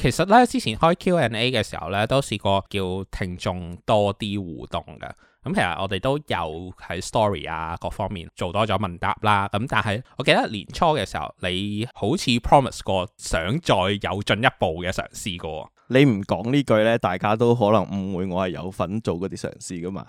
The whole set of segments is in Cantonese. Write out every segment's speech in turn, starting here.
其實咧，之前開 Q&A 嘅時候咧，都試過叫聽眾多啲互動嘅。咁、嗯、其實我哋都有喺 story 啊，各方面做多咗問答啦。咁、嗯、但係，我記得年初嘅時候，你好似 promise 過想再有進一步嘅嘗試過。你唔講呢句咧，大家都可能誤會我係有份做嗰啲嘗試噶嘛？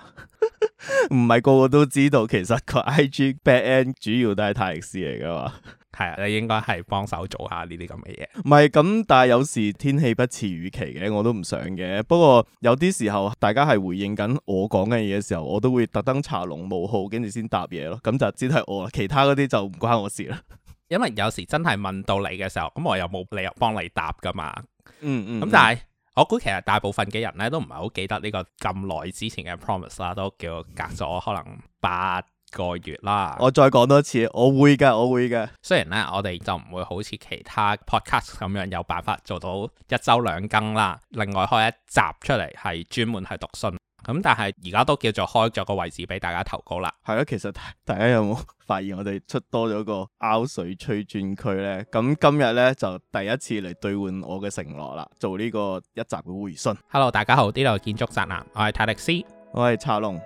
唔 係個個都知道，其實個 IG back end 主要都係泰迪斯嚟噶嘛？係啊，你應該係幫手做下呢啲咁嘅嘢。唔係咁，但係有時天氣不似預期嘅，我都唔想嘅。不過有啲時候，大家係回應緊我講嘅嘢嘅時候，我都會特登查龍無號，跟住先答嘢咯。咁就只係我啦，其他嗰啲就唔關我事啦。因為有時真係問到你嘅時候，咁我又冇理由幫你答噶嘛。嗯嗯。咁、嗯、但係、嗯、我估其實大部分嘅人咧，都唔係好記得呢個咁耐之前嘅 promise 啦，都叫隔咗可能八。個月啦，我再講多次，我會嘅，我會嘅。雖然咧，我哋就唔會好似其他 podcast 咁樣有辦法做到一周兩更啦，另外開一集出嚟係專門係讀信咁，但係而家都叫做開咗個位置俾大家投稿啦。係啊，其實大家有冇發現我哋出多咗個 R 水吹專區呢？咁今日呢，就第一次嚟兌換我嘅承諾啦，做呢個一集嘅回信。Hello，大家好，呢度係建築宅男，我係泰迪斯，我係查龍。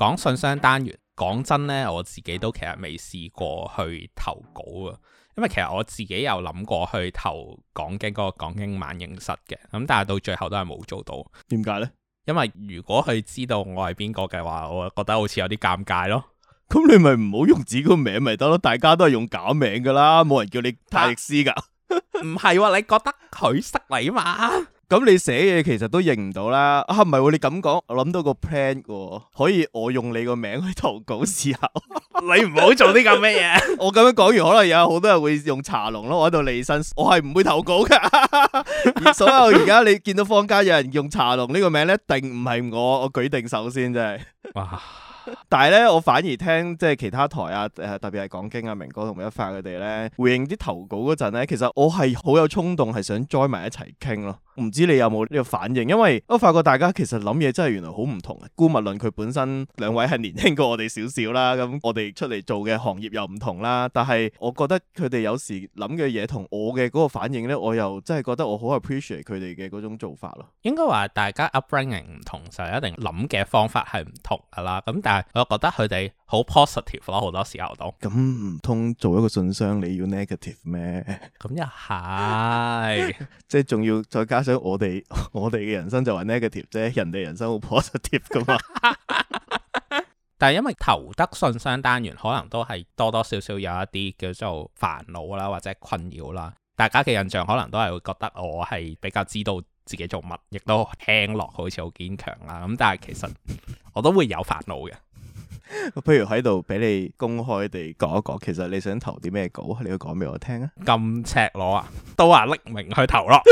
講信箱單元，講真呢，我自己都其實未試過去投稿啊，因為其實我自己有諗過去投《港京》嗰個《港京晚影室》嘅，咁但係到最後都係冇做到。點解呢？因為如果佢知道我係邊個嘅話，我覺得好似有啲尷尬咯。咁你咪唔好用自己個名咪得咯，大家都係用假名噶啦，冇人叫你泰力斯噶。唔係喎，你覺得佢失禮嘛？咁你寫嘢其實都認唔到啦。啊，唔係、啊、你咁講，我諗到個 plan 喎，可以我用你個名去投稿試下。 你唔好做啲咁咩嘢。 我咁樣講完，可能有好多人會用茶龍咯。我喺度離身，我係唔會投稿嘅。 而所有而家你見到坊間有人用茶龍呢個名咧，一定唔係我。我舉定首先，真係。哇！但係咧，我反而聽即係其他台啊，誒、呃、特別係港經啊，明哥同一發佢哋咧，回應啲投稿嗰陣咧，其實我係好有衝動，係想 join 埋一齊傾咯。唔知你有冇呢個反應？因為我發覺大家其實諗嘢真係原來好唔同嘅。姑勿論佢本身兩位係年輕過我哋少少啦，咁我哋出嚟做嘅行業又唔同啦。但係我覺得佢哋有時諗嘅嘢同我嘅嗰個反應呢，我又真係覺得我好 appreciate 佢哋嘅嗰種做法咯。應該話大家 upbringing 唔同就一定諗嘅方法係唔同㗎喇。咁但係我覺得佢哋。好 positive 咯，好多時候都咁，唔通做一個信箱你要 negative 咩？咁又係，即係仲要再加上我哋我哋嘅人生就係 negative 啫，人哋人生好 positive 噶嘛。 但係因為投得信箱單元可能都係多多少少有一啲叫做煩惱啦，或者困擾啦，大家嘅印象可能都係會覺得我係比較知道自己做乜，亦都聽落，好似好堅強啦。咁但係其實我都會有煩惱嘅。不如喺度俾你公開地講一講，其實你想投啲咩稿？你要講俾我聽啊！咁赤裸啊，都話匿名去投咯。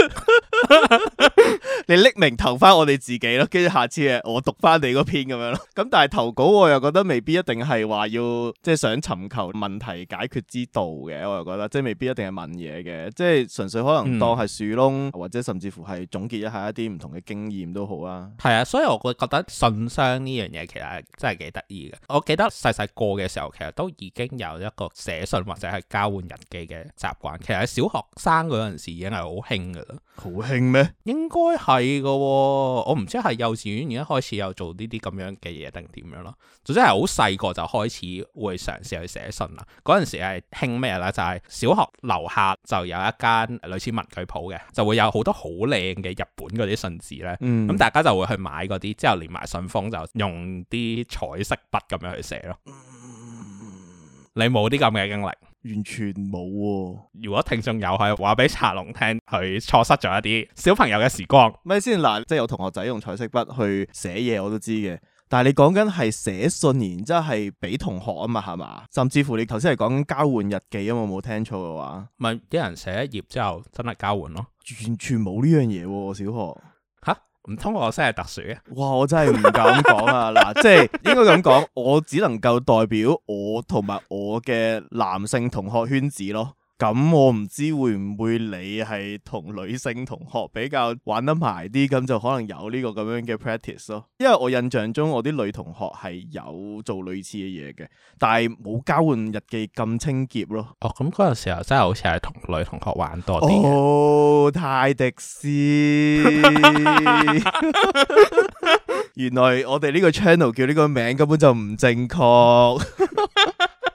你匿名投翻我哋自己咯，跟住下次誒，我讀翻你嗰篇咁樣咯。咁但係投稿我又覺得未必一定係話要即係、就是、想尋求問題解決之道嘅，我又覺得即係未必一定係問嘢嘅，即係純粹可能當係樹窿、嗯、或者甚至乎係總結一下一啲唔同嘅經驗都好啊。係啊，所以我覺覺得信箱呢樣嘢其實真係幾得意嘅。我記得細細個嘅時候，其實都已經有一個寫信或者係交換日記嘅習慣。其實喺小學生嗰陣時已經係好興噶啦。好興咩？應該係㗎、哦，我唔知係幼稚園而家開始有做呢啲咁樣嘅嘢定點樣啦。總之係好細個就開始會嘗試去寫信啦。嗰陣時係興咩啦？就係、是、小學樓下就有一間類似文具鋪嘅，就會有好多好靚嘅日本嗰啲信紙呢。咁、嗯、大家就會去買嗰啲，之後連埋信封就用啲彩色筆咁樣去寫咯。嗯、你冇啲咁嘅經歷。完全冇啊。如果聽眾又係話俾茶龍聽，佢錯失咗一啲小朋友嘅時光。咪先嗱，即係有同學仔用彩色筆去寫嘢，我都知嘅。但係你講緊係寫信，然之後係俾同學啊嘛，係嘛？甚至乎你頭先係講緊交換日記啊嘛，我冇聽錯嘅話。咪一人寫一頁之後，真係交換咯。完全冇呢樣嘢，小學。唔通我聲係特殊嘅？哇！我真係唔敢講啊！嗱， 即係應該咁講，我只能夠代表我同埋我嘅男性同學圈子咯。咁我唔知會唔會你係同女性同學比較玩得埋啲，咁就可能有呢個咁樣嘅 practice 咯。因為我印象中我啲女同學係有做類似嘅嘢嘅，但係冇交換日記咁清潔咯。哦，咁嗰陣時候真係好似係同女同學玩多啲。哦，泰迪斯， 原來我哋呢個 channel 叫呢個名根本就唔正確。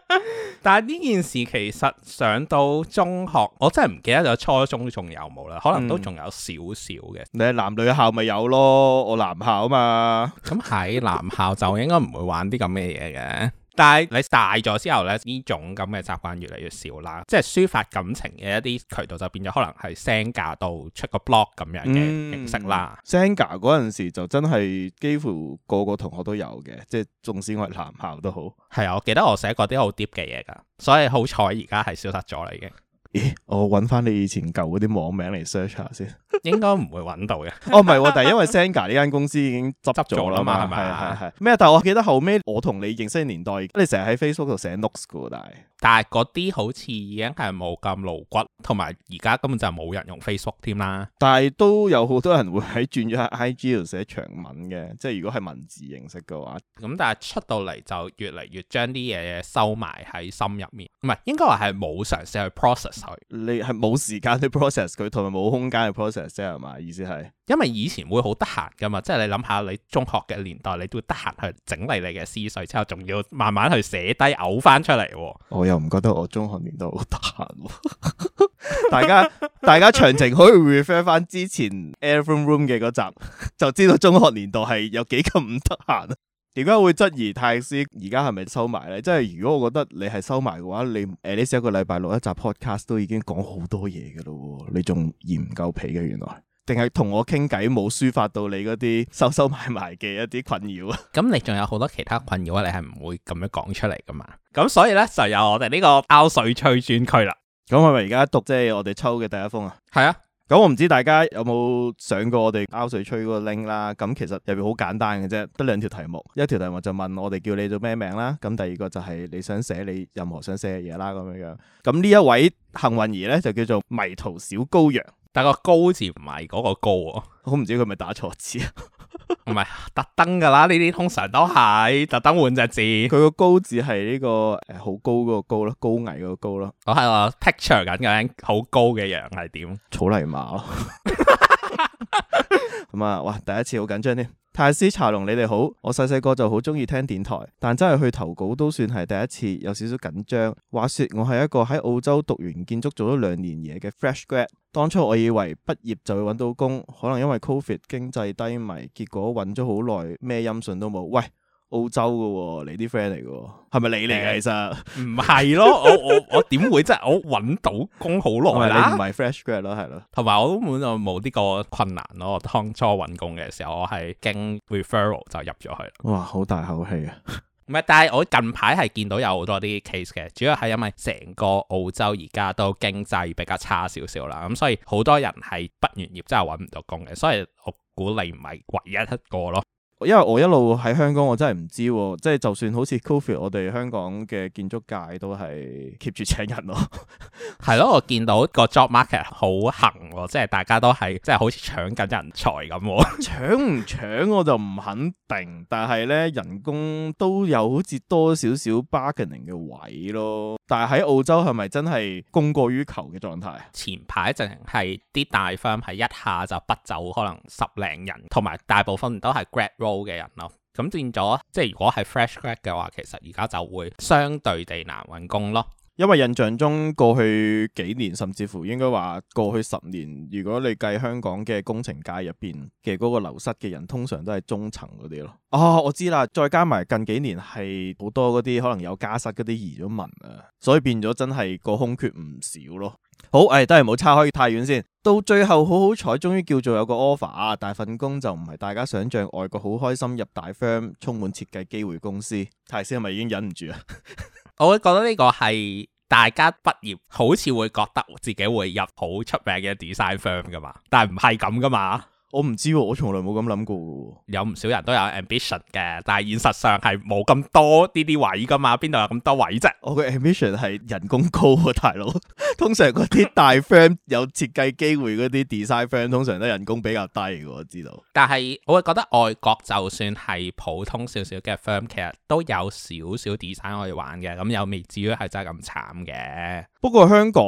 但係呢件事其實上到中學，我真係唔記得咗初中仲有冇啦，可能都仲有少少嘅、嗯。你係男女校咪有咯，我男校啊嘛。咁 喺男校就應該唔會玩啲咁嘅嘢嘅。但係你大咗之後咧，呢種咁嘅習慣越嚟越少啦，即係抒發感情嘅一啲渠道就變咗可能係 Xanga 到出個 blog 咁樣嘅形式啦。Xanga 嗰陣時就真係幾乎個個同學都有嘅，即係縱使我係男校都好。係啊，我記得我寫過啲好 deep 嘅嘢噶，所以好彩而家係消失咗啦已經。咦？我揾翻你以前舊嗰啲網名嚟 search 下先。 應該唔會揾到嘅。 哦，唔係喎，但係因為 Senga 呢間公司已經執執咗啦嘛，係咪啊？係係咩？但係我記得後尾我同你認識嘅年代，你成日喺 Facebook 度寫 notes 嘅喎，但係但係嗰啲好似已經係冇咁露骨，同埋而家根本就冇人用 Facebook 添啦。但係都有好多人會喺轉咗喺 IG 度寫長文嘅，即係如果係文字形式嘅話。咁但係出到嚟就越嚟越將啲嘢收埋喺心入面。唔係應該話係冇嘗試去 process 佢。你係冇時間去 process 佢，同埋冇空間去 process。即係嘛意思係，因為以前會好得閒噶嘛，即係你諗下你中學嘅年代，你都會得閒去整理你嘅思緒，之後仲要慢慢去寫低嘔翻出嚟。我又唔覺得我中學年代好得閒， 大家 大家詳情可以 refer 翻之前 Air from Room Room 嘅嗰集，就知道中學年代係有幾咁唔得閒。點解會質疑泰斯而家係咪收埋咧？即係如果我覺得你係收埋嘅話，你誒，你至少一個禮拜六一集 podcast 都已經講好多嘢嘅咯，你仲嫌唔夠皮嘅原來？定係同我傾偈冇抒發到你嗰啲收收埋埋嘅一啲困擾啊？咁你仲有好多其他困擾，啊，你係唔會咁樣講出嚟噶嘛？咁所以咧就有我哋呢個 R 水吹專區啦。咁係咪而家讀即係我哋抽嘅第一封啊。係啊。咁我唔知大家有冇上過我哋 R 水吹個 link 啦，咁其實入邊好簡單嘅啫，得兩條題目，一條題目就問我哋叫你做咩名啦，咁第二個就係你想寫你任何想寫嘅嘢啦，咁樣樣。咁呢一位幸運兒咧就叫做迷途小羔羊，但個高好似唔係嗰個高啊，我唔知佢係咪打錯字啊。唔係特登噶啦，呢啲通常都係特登換隻字。佢個高字係呢、這個誒，好、呃、高嗰個高咯，高危嗰個高咯。我係話，picture 緊嘅好高嘅樣係點？草泥馬咯。咁啊，哇，第一次好緊張添。泰生、查生，你哋好。我細細個就好中意聽電台，但真係去投稿都算係第一次，有少少緊張。話說我係一個喺澳洲讀完建築做咗兩年嘢嘅 fresh grad。當初我以為畢業就會揾到工，可能因為 Covid 經濟低迷，結果揾咗好耐咩音訊都冇。喂，澳洲噶，你啲 friend 嚟噶，係咪你嚟？其實唔係 咯，我我我點會？即係 我揾到工好耐，你唔係 fresh grad 咯，係咯？同埋我根本就冇呢個困難咯。我當初揾工嘅時候，我係經 referral 就入咗去。哇，好大口氣啊！唔係，但係我近排係見到有好多啲 case 嘅，主要係因為成個澳洲而家都經濟比較差少少啦，咁所以好多人係畢完業真係搵唔到工嘅，所以我估你唔係唯一一個咯。因為我一路喺香港，我真係唔知，即係就算好似 Covid 我哋香港嘅建築界都係 keep 住請人咯，哦。 係咯，我見到個 job market 好行喎，即係大家都係即係好似搶緊人才咁。搶唔搶我就唔肯定，但係咧人工都有好似多少少 bargaining 嘅位咯。但係喺澳洲係咪真係供過於求嘅狀態？前排淨係啲大 firm 係一下就不走，可能十零人，同埋大部分都係 grad roll 嘅人咯。咁變咗，即係如果係 fresh grad 嘅話，其實而家就會相對地難揾工咯。因為印象中過去幾年，甚至乎應該話過去十年，如果你計香港嘅工程界入邊嘅嗰個流失嘅人，通常都係中層嗰啲咯。啊、哦，我知啦，再加埋近幾年係好多嗰啲可能有家室嗰啲移咗民啊，所以變咗真係個空缺唔少咯。好，誒、哎，都係唔好叉開太遠先，到最後好好彩，終於叫做有個 offer，啊、但係份工就唔係大家想象外國好開心入大 firm，充滿設計機會公司。泰生係咪已經忍唔住啊？ 我會覺得呢個係大家畢業好似會覺得自己會入好出名嘅 design firm 噶嘛，但係唔係咁噶嘛。我唔知喎，我從來冇咁諗過。有唔少人都有 ambition 嘅，但係現實上係冇咁多呢啲位噶嘛，邊度有咁多位啫？我嘅 ambition 係人工高喎，大佬。 通常嗰啲大 firm 有設計機會嗰啲 design firm，通常都人工比較低，我知道。但係我會覺得外國就算係普通少少嘅 firm，其實都有少少 design 可以玩嘅，咁又未至於係真係咁慘嘅。不過香港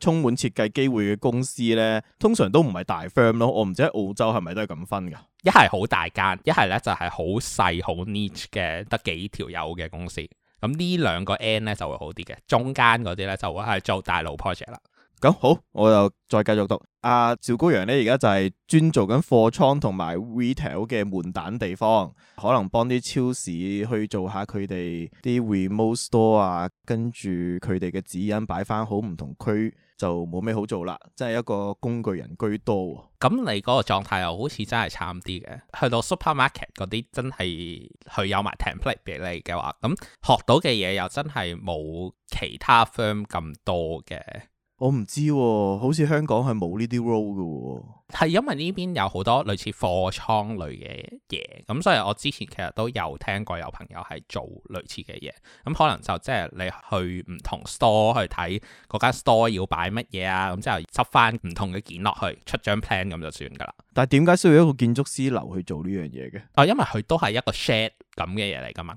充滿設計機會嘅公司呢，通常都唔係大 firm 咯，我唔知喺澳州係咪都係咁分㗎？一係好大間，一係咧就係好細好 niche 嘅，得幾條友嘅公司。咁呢兩個 N 咧就會好啲嘅，中間嗰啲咧就會係做大路 project 啦。咁好，我就再繼續讀。阿、啊、趙高陽咧，而家就係專做緊貨倉同埋 retail 嘅門檻地方，可能幫啲超市去做下佢哋啲 remote store 啊，跟住佢哋嘅指引擺翻好唔同區。就冇咩好做啦，即係一個工具人居多喎。咁你嗰個狀態又好似真係慘啲嘅。去到 supermarket 嗰啲真係佢有埋 template 俾你嘅話，咁學到嘅嘢又真係冇其他 firm 咁多嘅。我唔知，啊，好似香港係冇呢啲 role 嘅，啊，係因為呢邊有好多類似貨倉類嘅嘢，咁所以我之前其實都有聽過有朋友係做類似嘅嘢，咁可能就即係你去唔同 store 去睇嗰間 store 要擺乜嘢啊，咁之後執翻唔同嘅件落去出張 plan 咁就算噶啦。但係點解需要一個建築師樓去做呢樣嘢嘅？啊，因為佢都係一個 shed 咁嘅嘢嚟噶嘛。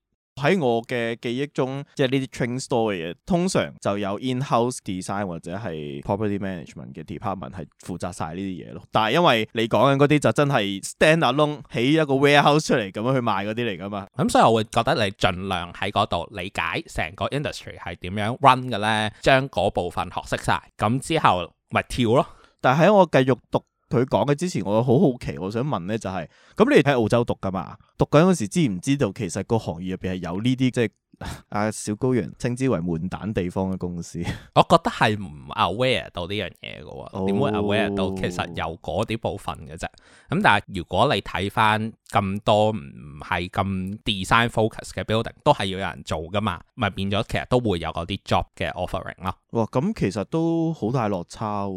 喺我嘅記憶中，即係呢啲 train store 嘅嘢，通常就有 in-house design 或者係 property management 嘅 department 係負責晒呢啲嘢咯。但係因為你講緊嗰啲就真係 stand alone 起一個 warehouse 出嚟咁樣去賣嗰啲嚟噶嘛。咁、嗯、所以我會覺得你盡量喺嗰度理解成個 industry 係點樣 run 嘅咧，將嗰部分學識晒。咁之後咪跳咯。但係喺我繼續讀。佢講嘅之前，我好好奇，我想問咧，就係咁，你哋喺澳洲讀噶嘛？讀緊嗰陣時知唔知道其實個行業入邊，係有呢啲即係。阿 小高原稱之為悶蛋地方嘅公司， 我覺得係唔 aware 到呢樣嘢嘅喎，點會、oh. aware 到？其實有嗰啲部分嘅啫。咁但係如果你睇翻咁多唔係咁 design focus 嘅 building，都係要有人做噶嘛，咪變咗其實都會有嗰啲 job 嘅 offering 咯。哇，咁其實都好大落差，啊。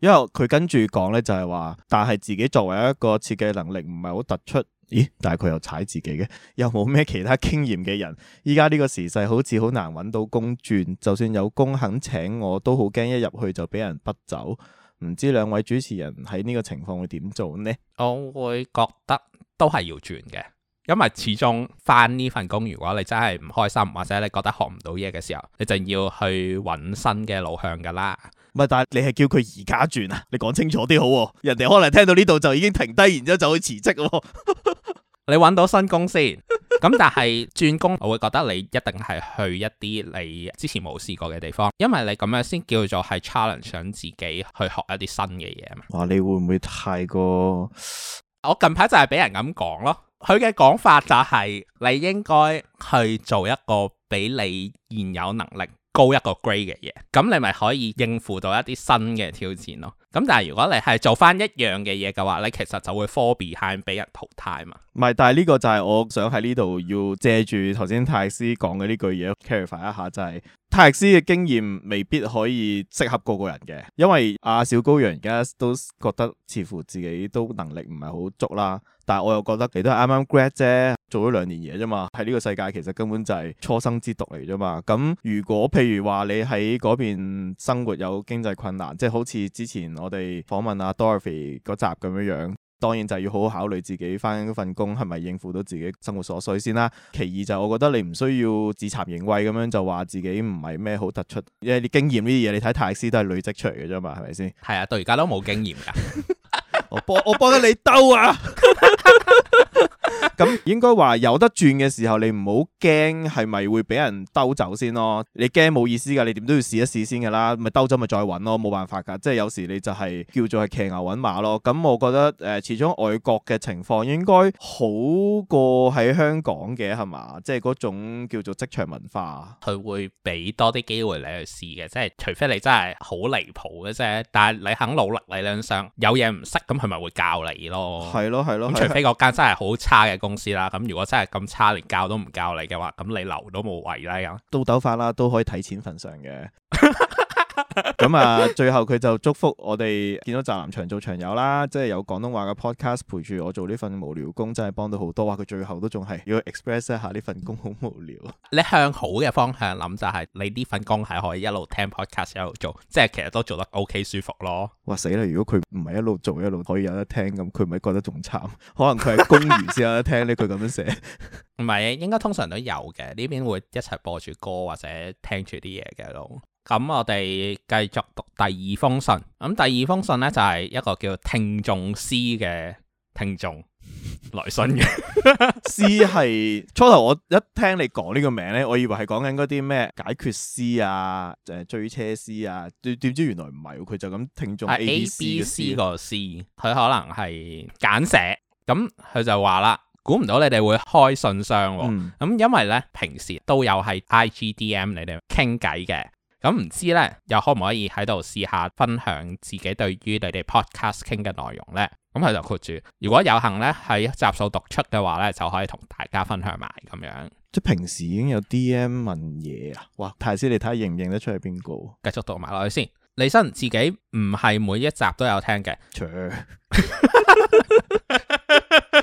因為佢跟住講咧，就係話，但係自己作為一個設計能力唔係好突出。咦？但係佢又踩自己嘅，又冇咩其他經驗嘅人。依家呢個時勢好似好難揾到工轉，就算有工肯請我都好驚一入去就俾人逼走。唔知兩位主持人喺呢個情況會點做呢？我會覺得都係要轉嘅，因為始終返呢份工，如果你真係唔開心，或者你覺得學唔到嘢嘅時候，你就要去揾新嘅路向㗎喇。咪但係你係叫佢而家轉啊？你講清楚啲好喎，人哋可能聽到呢度就已經停低，然之後就去辭職喎。 你揾到新工先，咁但係轉工，我會覺得你一定係去一啲你之前冇試過嘅地方，因為你咁樣先叫做係 challenge，想自己去學一啲新嘅嘢嘛。哇，你會唔會太過？我近排就係俾人咁講咯，佢嘅講法就係你應該去做一個俾你現有能力。高一個 grade 嘅嘢，咁你咪可以應付到一啲新嘅挑戰咯。咁但係如果你係做翻一樣嘅嘢嘅話，你其實就會 fall behind，被人淘汰嘛。唔係，但係呢個就係我想喺呢度要借住頭先泰斯講嘅呢句嘢，clarify 一下，就係、是、泰斯嘅經驗未必可以適合個個人嘅，因為阿小高陽而家都覺得似乎自己都能力唔係好足啦。但係我又覺得你都係啱啱 grad 啫，做咗兩年嘢啫嘛，喺呢個世界其實根本就係初生之犢嚟啫嘛。咁如果譬如話你喺嗰邊生活有經濟困難，即係好似之前我哋訪問阿、啊、Dorothy 嗰集咁樣樣，當然就要好好考慮自己翻嗰份工係咪應付到自己生活所需先啦。其二就我覺得你唔需要自慚形穢咁樣就話自己唔係咩好突出，因為經驗你經驗呢啲嘢你睇泰生都係累積出嚟嘅啫嘛，係咪先？係啊，到而家都冇經驗㗎。我幫我幫得你兜啊！咁 應該話有得轉嘅時候，你唔好驚係咪會俾人兜走先咯？你驚冇意思㗎，你點都要試一試先㗎啦。咪兜走咪再揾咯，冇辦法㗎。即係有時你就係叫做係騎牛揾馬咯。咁我覺得誒始終外國嘅情況應該好過喺香港嘅係嘛？即係嗰種叫做職場文化，佢會俾多啲機會你去試嘅。即係除非你真係好離譜嘅啫，但係你肯努力，你諗想有嘢唔識咁。佢咪會教你咯，係咯係咯。咁除非嗰間真係好差嘅公司啦，咁如果真係咁差，連教都唔教你嘅話，咁你留都冇謂啦咁。刀鬥法啦，都可以睇錢份上嘅。 咁啊， 最後佢就祝福我哋見到宅男長做長友啦，即係有廣東話嘅 podcast 陪住我做呢份無聊工，真係幫到好多。話佢最後都仲係要 express 一下呢份工好無聊。你向好嘅方向諗就係，你呢份工係可以一路聽 podcast 一路做，即係其實都做得 OK 舒服咯。哇死啦！如果佢唔係一路做一路可以有得聽咁，佢咪覺得仲慘？可能佢係公務員先有得聽呢。佢咁樣寫。唔係，應該通常都有嘅。呢邊會一齊播住歌或者聽住啲嘢嘅都。咁我哋繼續讀第二封信。咁第二封信咧就係、是、一個叫聽眾 C 嘅聽眾 來信嘅的。 C 係初頭我一聽你講呢個名咧，我以為係講緊嗰啲咩解決 C 啊，誒追車 C 啊。點點知原來唔係、啊，佢就咁聽眾 A, A B C 個 C。佢可能係簡寫。咁佢就話啦，估唔到你哋會開信箱、哦。咁、嗯、因為咧平時都有係 I G D M 你哋傾偈嘅。咁唔知咧，又可唔可以喺度試下分享自己對於你哋 podcast 傾嘅內容呢？咁佢就括住：如果有幸咧喺一集數讀出嘅話咧，就可以同大家分享埋咁樣。即係平時已經有 DM 問嘢啊！哇，泰生，你睇下認唔認得出係邊個？繼續讀埋落去先。利申自己唔係每一集都有聽嘅。錯，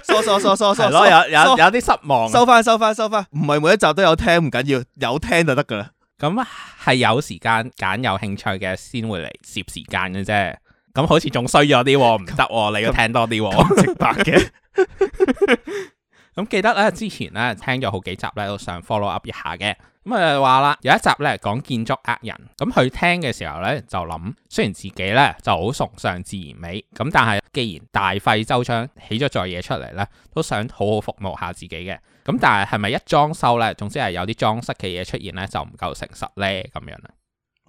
疏疏疏疏疏，有有有啲失望。收翻，收翻，收翻。唔係每一集都有聽，唔緊要，有聽就得噶啦。咁係有時間揀，有興趣嘅先會嚟攝時間嘅啫。咁好似仲衰咗啲，唔得 當，oh, 你要聽多啲。直白嘅。咁記得咧，之前咧聽咗好幾集咧，都想 follow up 一下嘅。咁啊話啦，有一集咧講建築呃人。咁佢聽嘅時候咧，就諗，雖然自己咧就好崇尚自然美，咁但係既然大費周章起咗座嘢出嚟咧，都想好好服務下自己嘅。咁但係係咪一裝修咧，總之係有啲裝飾嘅嘢出現咧，就唔夠誠實咧咁樣啊？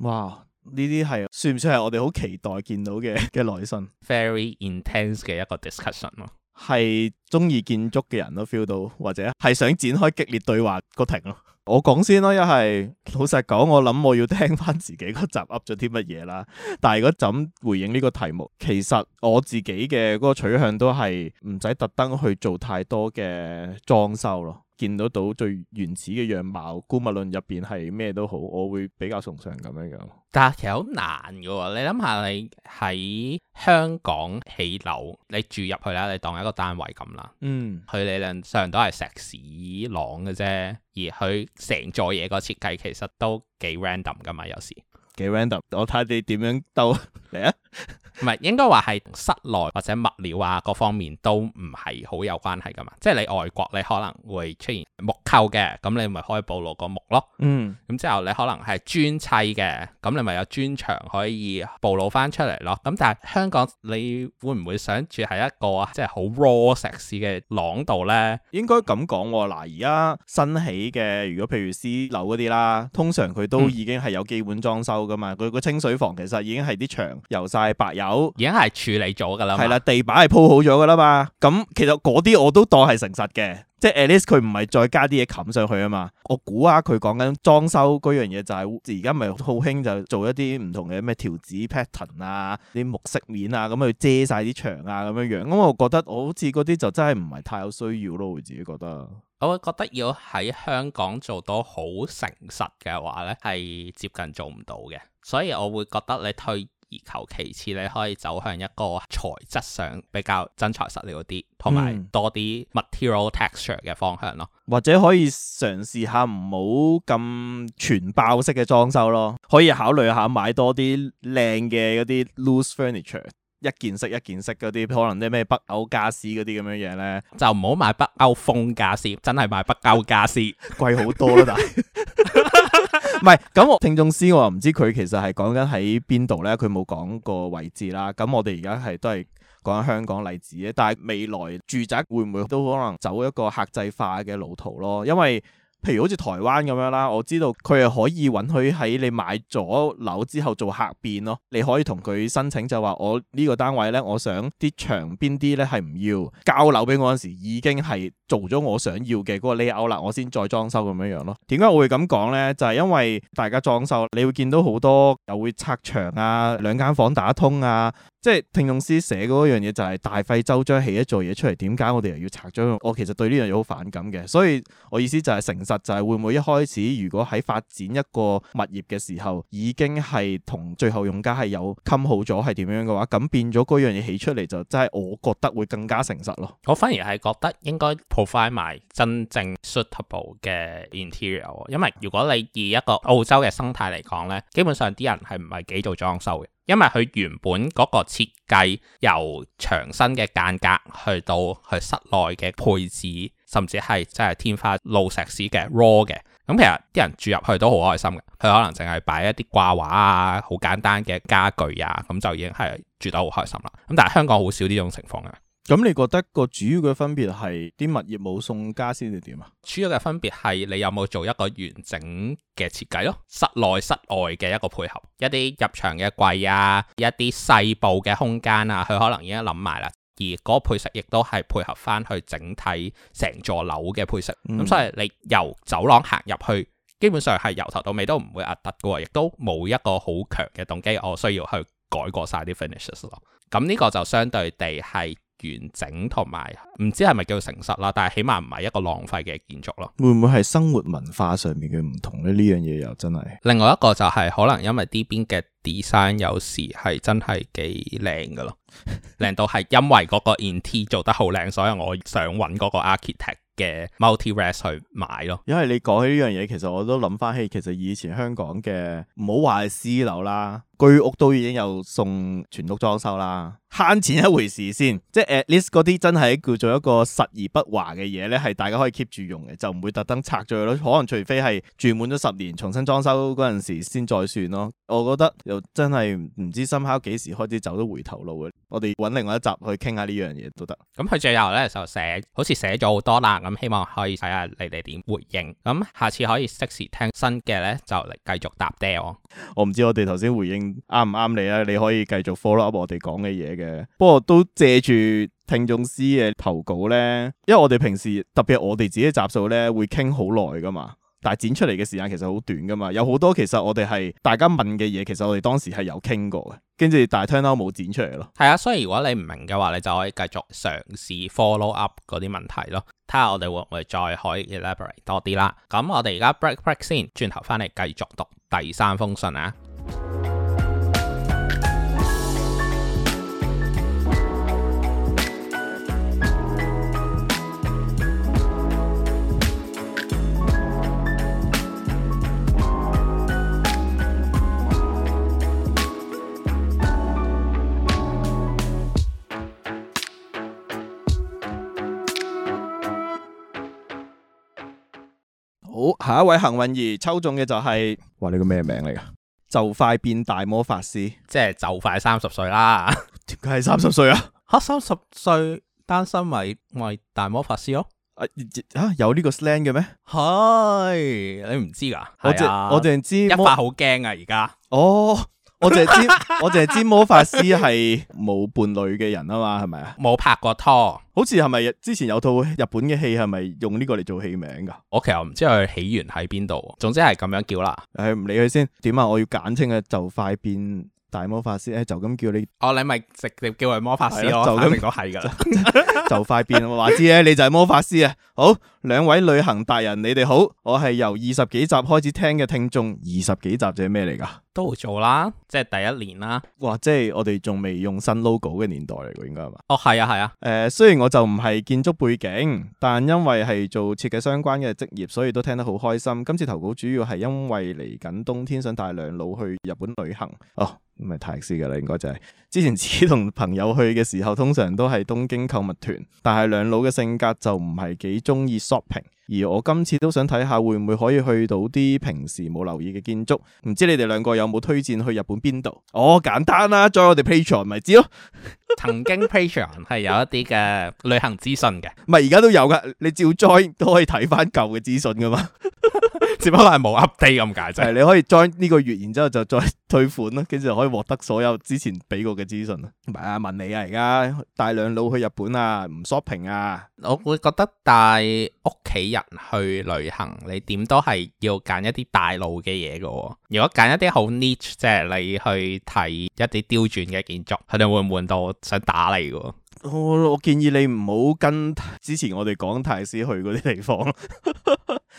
哇！呢啲係算唔算係我哋好期待見到嘅嘅來信？Very intense 嘅一個 discussion 咯。係中意建築嘅人都 feel 到，或者係想展開激烈對話個庭咯。 我講先咯，一係老實講，我諗我要聽翻自己嗰集 up 咗啲乜嘢啦。但係嗰陣回應呢個題目，其實我自己嘅嗰個取向都係唔使特登去做太多嘅裝修咯。見到到最原始嘅樣貌，《古物論》入邊係咩都好，我會比較崇尚咁樣樣。但係其實好難嘅，你諗下，你喺香港起樓，你住入去啦，你當一個單位咁啦。嗯，佢理論上都係石屎朗嘅啫，而佢成座嘢個設計其實都幾 random 噶嘛，有時幾 random 我。我睇你點樣到嚟啊。唔係 應該話係室內或者物料啊，各方面都唔係好有關係㗎嘛。即係你外國你可能會出現木構嘅，咁你咪可以暴露個木咯。嗯，咁之後你可能係磚砌嘅，咁你咪有磚牆可以暴露翻出嚟咯。咁但係香港你會唔會想住喺一個啊，即係好 raw 石屎嘅廊度咧？呢，應該咁講喎。嗱，而家新起嘅如果譬如私樓啲啦，通常佢都已經係有基本裝修㗎嘛。佢個、嗯、清水房其實已經係啲牆由晒白已經係處理咗㗎喇，係啦，地板係鋪好咗㗎喇嘛。咁其實嗰啲我都當係誠實嘅，即係 at least 佢唔係再加啲嘢冚上去啊嘛。我估下，佢講緊裝修嗰樣嘢就係而家咪好興就做一啲唔同嘅咩條子 pattern 啊，啲木飾面啊，咁去遮晒啲牆啊咁樣樣。咁我覺得我好似嗰啲就真係唔係太有需要咯，我自己覺得。我覺得要喺香港做到好誠實嘅話咧，係接近做唔到嘅，所以我會覺得你推。而求其次，你可以走向一個材質上比較真材實料啲，同埋多啲 material texture 嘅方向咯、嗯。或者可以嘗試下唔好咁全爆式嘅裝修咯，可以考慮下買多啲靚嘅嗰啲 loose furniture，一件式一件式嗰啲，可能啲咩北歐傢俬嗰啲咁樣嘢呢，就唔好買北歐風傢俬，真係買北歐傢俬 貴好多啦。 唔係，咁我聽眾師我、哦、唔知佢其實係講緊喺邊度咧，佢冇講個位置啦。咁我哋而家係都係講緊香港例子咧，但係未來住宅會唔會都可能走一個客製化嘅路途咯？因為譬如好似台灣咁樣啦，我知道佢係可以允許喺你買咗樓之後做客變咯，你可以同佢申請就話我呢個單位咧，我想啲牆邊啲咧係唔要，交樓俾我嗰時已經係做咗我想要嘅嗰個 layout 啦，我先再裝修咁樣樣咯。點解我會咁講咧？就係、是、因為大家裝修，你會見到好多又會拆牆啊，兩間房打通啊。即係聘用師寫嗰樣嘢就係大費周章起一座嘢出嚟，點解我哋又要拆咗？我其實對呢樣嘢好反感嘅，所以我意思就係誠實，就係會唔會一開始如果喺發展一個物業嘅時候，已經係同最後用家係有傾好咗，係點樣嘅話，咁變咗嗰樣嘢起出嚟就真係我覺得會更加誠實咯。我反而係覺得應該 provide 埋真正 suitable 嘅 interior，因為如果你以一個澳洲嘅生態嚟講咧，基本上啲人係唔係幾做裝修嘅。因為佢原本嗰個設計，由牆身嘅間隔去到佢室內嘅配置，甚至係即係天花露石屎嘅 raw 嘅，咁其實啲人住入去都好開心嘅。佢可能淨係擺一啲掛畫啊，好簡單嘅家具啊，咁就已經係住得好開心啦。咁但係香港好少呢種情況嘅。咁你覺得個主要嘅分別係啲物業冇送家先至點啊？主要嘅分別係你有冇做一個完整嘅設計咯，室內室外嘅一個配合，一啲入場嘅櫃啊，一啲細部嘅空間啊，佢可能已經諗埋啦。而嗰個配色亦都係配合翻去整體成座樓嘅配色。咁、嗯、所以你由走廊行入去，基本上係由頭到尾都唔會壓突噶，亦都冇一個好強嘅動機，我需要去改過晒啲 finishes 咯。咁呢個就相對地係。完整同埋唔知係咪叫做誠實啦，但係起碼唔係一個浪費嘅建築咯。會唔會係生活文化上面嘅唔同呢？呢樣嘢又真係。另外一個就係可能因為呢邊嘅 design 有時係真係幾靚噶咯，靚 到係因為嗰個 inter 做得好靚，所以我想揾嗰個 architect 嘅 multires 去買咯。因為你講起呢樣嘢，其實我都諗翻起，其實以前香港嘅唔好話係私樓啦。居屋都已經有送全屋裝修啦，慳錢一回事先。即係 at least 嗰啲真係叫做一個實而不華嘅嘢呢，係大家可以 keep 住用嘅，就唔會特登拆咗佢咯。可能除非係住滿咗十年，重新裝修嗰陣時先再算咯。我覺得又真係唔知深喺幾時開始走咗回頭路嘅。我哋揾另外一集去傾下呢樣嘢都得。咁佢最後呢，就寫，好似寫咗好多啦，咁希望可以睇下你哋點回應。咁下次可以即時聽新嘅呢，就嚟繼續答 d、哦、我唔知我哋頭先回應。啱唔啱你呀？你可以繼續 follow up 我哋講嘅嘢嘅。不過都借住聽眾師嘅投稿呢，因為我哋平時特別係我哋自己集數呢，會傾好耐噶嘛，但係剪出嚟嘅時間其實好短噶嘛。有好多其實我哋係大家問嘅嘢，其實我哋當時係有傾過嘅，跟住但係聽到冇剪出嚟咯。係啊，所以如果你唔明嘅話，你就可以繼續嘗試 follow up 嗰啲問題咯。睇下我哋會唔會再可以 elaborate 多啲啦。咁、嗯、我哋而家 break break 先，轉頭翻嚟繼續讀第三封信啊。下一位幸運兒抽中嘅就係、是，哇！你個咩名嚟㗎？就快變大魔法師，即係就快三十歲啦。點解係三十歲啊？嚇、啊，三十歲單身咪咪大魔法師咯？嚇、啊啊啊，有呢個 slang 嘅咩？係你唔知㗎只、啊？我我淨知魔一發好驚啊！而家。哦 我淨係知，我淨係知魔法師係冇伴侶嘅人啊嘛，係咪啊？冇拍過拖，好似係咪？之前有套日本嘅戲係咪用呢個嚟做戲名噶？Okay, 我其實唔知佢起源喺邊度，總之係咁樣叫啦。誒、欸，唔理佢先，點啊？我要簡稱咧，就快變大魔法師咧、欸，就咁叫你。哦，你咪直接叫為魔法師咯、欸，就咁講係噶啦，我 就快變華之咧，你就係魔法師啊！好，兩位旅行達人，你哋好，我係由二十幾集開始聽嘅聽眾，二十幾集就係咩嚟噶？嗯都會做啦，即係第一年啦。哇，即係我哋仲未用新 logo 嘅年代嚟嘅，應該係嘛？哦，係啊，係啊。誒、呃，雖然我就唔係建築背景，但因為係做設計相關嘅職業，所以都聽得好開心。今次投稿主要係因為嚟緊冬天，想帶兩老去日本旅行。哦，咁咪泰斯嘅啦，應該就係。之前自己同朋友去嘅時候，通常都係東京購物團，但係兩老嘅性格就唔係幾中意 shopping，而我今次都想睇下會唔會可以去到啲平時冇留意嘅建築，唔知你哋兩個有冇推薦去日本邊度？哦，簡單啦 join 我哋 Patreon 咪知咯。 曾經 Patreon 係有一啲嘅旅行資訊嘅，唔係而家都有噶，你照 join 都可以睇翻舊嘅資訊噶嘛。 只不過係冇 update 咁解啫。係你可以將呢個月，然之後就再退款咯，跟住就可以獲得所有之前俾過嘅資訊啦。唔係啊，問你啊，而家帶兩老去日本啊，唔 shopping 啊，我會覺得帶屋企人去旅行，你點都係要揀一啲大路嘅嘢噶。如果揀一啲好 niche，即係你去睇一啲刁鑽嘅建築，佢哋會唔會悶到想打你噶？我建議你唔好跟之前我哋講泰生去嗰啲地方，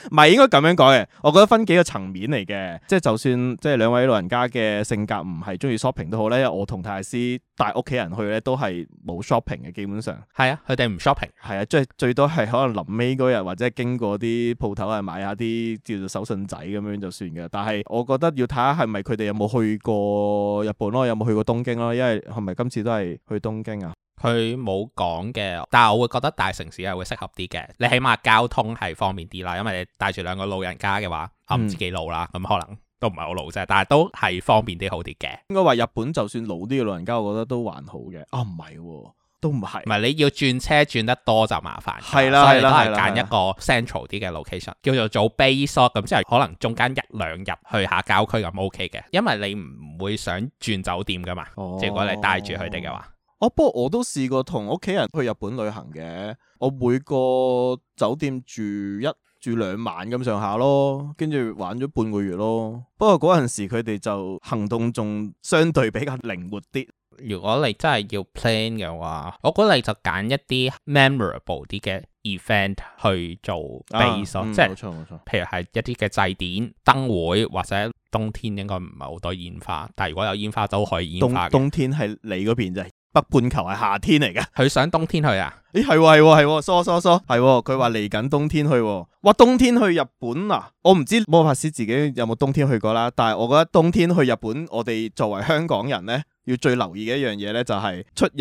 唔係應該咁樣講嘅。我覺得分幾個層面嚟嘅，即係就算即係兩位老人家嘅性格唔係中意 shopping 都好咧。我同泰生帶屋企人去咧，都係冇 shopping 嘅，基本上係啊，佢哋唔 shopping，係啊，即係最多係可能臨尾嗰日或者係經過啲鋪頭係買下啲叫做手信仔咁樣就算嘅。但係我覺得要睇下係咪佢哋有冇去過日本咯，有冇去過東京咯，因為係咪今次都係去東京啊？佢冇講嘅，但係我會覺得大城市係會適合啲嘅。你起碼交通係方便啲啦，因為你帶住兩個老人家嘅話，我唔、嗯啊、自己老啦，咁可能都唔係好老啫，但係都係方便啲好啲嘅。應該話日本就算老啲嘅老人家，我覺得都還好嘅。啊、哦，唔係、哦，都唔係。唔係你要轉車轉得多就麻煩。係啦，係啦，係啦。揀一個 central 啲嘅 location，叫做做 base shop，咁之後可能中間一兩日去下郊區咁 OK 嘅，因為你唔會想轉酒店噶嘛，即、哦、如果你帶住佢哋嘅話。我、哦、不過我都試過同屋企人去日本旅行嘅，我每個酒店住一住兩晚咁上下咯，跟住玩咗半個月咯。不過嗰陣時佢哋就行動仲相對比較靈活啲。如果你真係要 plan 嘅話，我覺得你就揀一啲 memorable 啲嘅 event 去做 base，、啊嗯、 即係冇錯冇錯。譬如係一啲嘅祭典、燈會，或者冬天應該唔係好多煙花，但係如果有煙花都可以煙花嘅。冬，冬天係你嗰邊啫。北半球係夏天嚟嘅，佢想冬天去啊？咦、哎，係喎係喎係喎，梳梳梳，係喎、哦，佢話嚟緊冬天去、哦，哇！冬天去日本啊？我唔知魔法師自己有冇冬天去過啦，但係我覺得冬天去日本，我哋作為香港人呢，要最留意嘅一樣嘢呢，就係、是、出入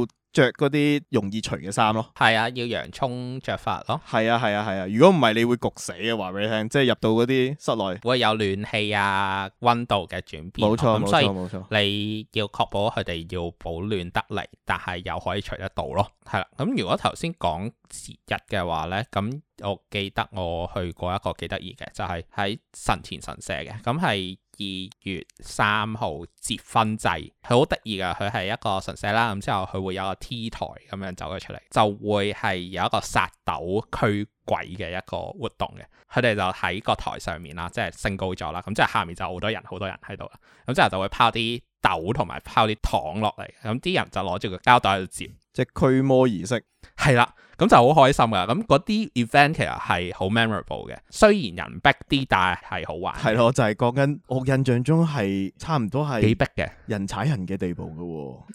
要。着嗰啲容易除嘅衫咯，係啊，要洋蔥着法咯，係啊，係啊，係啊，如果唔係你會焗死啊。話俾你聽，即係入到嗰啲室內會有暖氣啊，溫度嘅轉變，冇錯，冇錯，冇錯，所以你要確保佢哋要保暖得嚟，但係又可以除得到咯，係啦、啊，咁如果頭先講節日嘅話呢，咁我記得我去過一個幾得意嘅，就係、是、喺神田神社嘅，咁係。二月三號節分祭，佢好得意噶，佢係一個神社啦。咁之後佢會有個 T 台咁樣走咗出嚟，就會係有一個撒豆驅鬼嘅一個活動嘅。佢哋就喺個台上面啦，即係升高咗啦。咁即係下面就好多人，好多人喺度啦。咁之後就會拋啲豆同埋拋啲糖落嚟，咁啲人就攞住個膠袋喺度接，即係驅魔儀式，係啦。咁就好開心噶，咁嗰啲 event 其實係好 memorable 嘅，雖然人逼啲，但係好玩。係咯，就係講緊我印象中係差唔多係幾逼嘅，人踩人嘅地步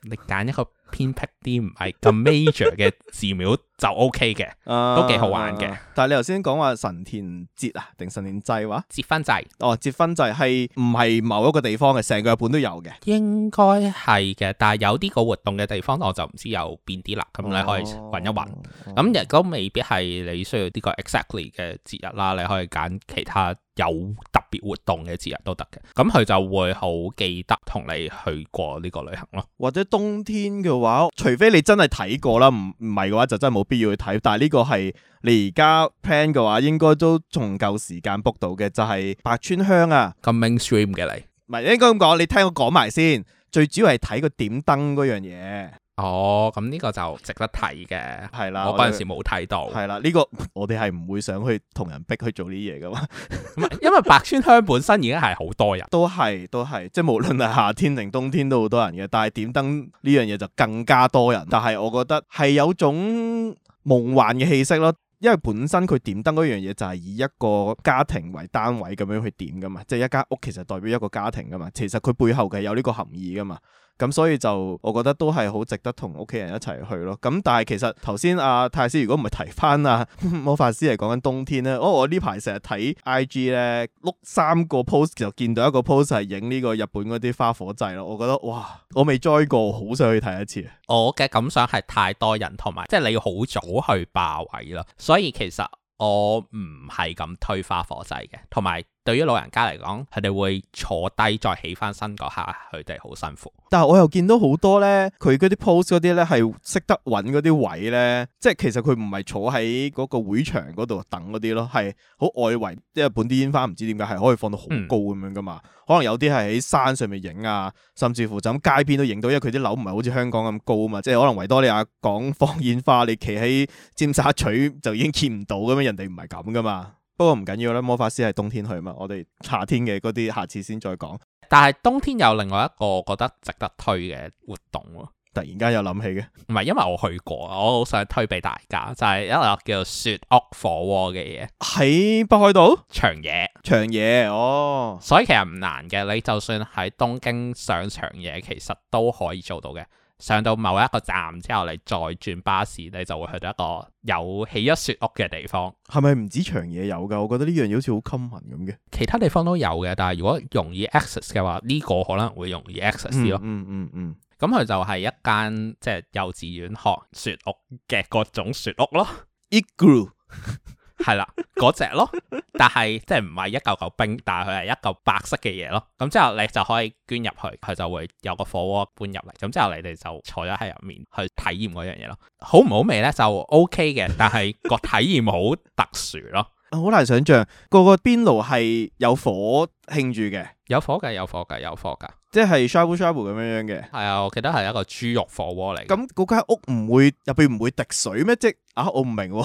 㗎喎。你揀一個偏僻啲唔係咁 major 嘅寺廟就 OK 嘅， 都幾好玩嘅、啊。但係你頭先講話神田節啊，定神田祭話、啊？節分祭。哦，節分祭係唔係某一個地方嘅？成個日本都有嘅。應該係嘅，但係有啲個活動嘅地方我就唔知有邊啲啦。咁、啊啊、你可以揾一揾。咁亦、嗯、都未必係你需要呢個 exactly 嘅節日啦，你可以揀其他有特別活動嘅節日都得嘅。咁、嗯、佢就會好記得同你去過呢個旅行咯。或者冬天嘅話，除非你真係睇過啦，唔唔係嘅話就真係冇必要去睇。但係呢個係你而家 plan 嘅話應、就是啊，應該都仲夠時間 book 到嘅。就係白川鄉啊，咁 mainstream 嘅你，唔係應該咁講。你聽我講埋先，最主要係睇個點燈嗰樣嘢。哦，咁呢個就值得睇嘅，係啦的、這個。我嗰陣時冇睇到，係啦。呢個我哋係唔會想去同人逼去做呢啲嘢噶嘛， 因為白川鄉本身已經係好多人，都係都係，即係無論係夏天定冬天都好多人嘅。但係點燈呢樣嘢就更加多人。但係我覺得係有種夢幻嘅氣息咯，因為本身佢點燈嗰樣嘢就係以一個家庭為單位咁樣去點噶嘛，即係一間屋其實代表一個家庭噶嘛，其實佢背後嘅有呢個含義噶嘛。咁所以就，我覺得都係好值得同屋企人一齊去咯。咁但係其實頭先阿泰師如果唔係提翻啊，魔 法師嚟講緊冬天咧。哦，我呢排成日睇 IG 咧，碌三個 post 就見到一個 post 係影呢個日本嗰啲花火祭咯。我覺得哇，我未 join 過，好想去睇一次。我嘅感想係太多人同埋，即係你好早去霸位咯。所以其實我唔係咁推花火祭嘅，同埋。對於老人家嚟講，佢哋會坐低再起翻身嗰下，佢哋好辛苦。但係我又見到好多咧，佢嗰啲 pose 嗰啲咧係識得揾嗰啲位咧，即係其實佢唔係坐喺嗰個會場嗰度等嗰啲咯，係好外圍。因為日本啲煙花唔知點解係可以放到好高咁樣噶嘛，嗯、可能有啲係喺山上面影啊，甚至乎就咁街邊都影到，因為佢啲樓唔係好似香港咁高嘛，即係可能維多利亞港放煙花，你企喺尖沙咀就已經見唔到咁樣，人哋唔係咁噶嘛。不過唔緊要啦，魔法師係冬天去嘛，我哋夏天嘅嗰啲下次先再講。但係冬天有另外一個覺得值得推嘅活動喎，突然間又諗起嘅，唔係因為我去過，我好想推俾大家，就係一個叫做雪屋火鍋嘅嘢，喺北海道長野，長野哦，所以其實唔難嘅，你就算喺東京上長野，其實都可以做到嘅。上到某一個站之後，你再轉巴士，你就會去到一個有起咗雪屋嘅地方。係咪唔止長野有㗎？我覺得呢樣嘢好似好 common 咁嘅。其他地方都有嘅，但係如果容易 access 嘅話，呢、這個可能會容易 access 咯。嗯嗯嗯。咁、嗯、佢、嗯嗯、就係一間即係幼稚園學雪屋嘅各種雪屋咯。It grew. 係啦，嗰隻、那個、咯，但係即係唔係一嚿嚿冰，但係佢係一嚿白色嘅嘢咯。咁、嗯、之後你就可以捐入去，佢就會有個火鍋搬入嚟。咁、嗯、之後你哋就坐咗喺入面去體驗嗰樣嘢咯。好唔好味咧？就 OK 嘅，但係個體驗好特殊咯。好難想象個個邊爐係有火興住嘅，有火嘅，有火嘅，有火噶，即係 shabu shabu 咁樣樣嘅。係啊，我記得係一個豬肉火鍋嚟。咁嗰間屋唔會入邊唔會滴水咩？即啊，我唔明、哦。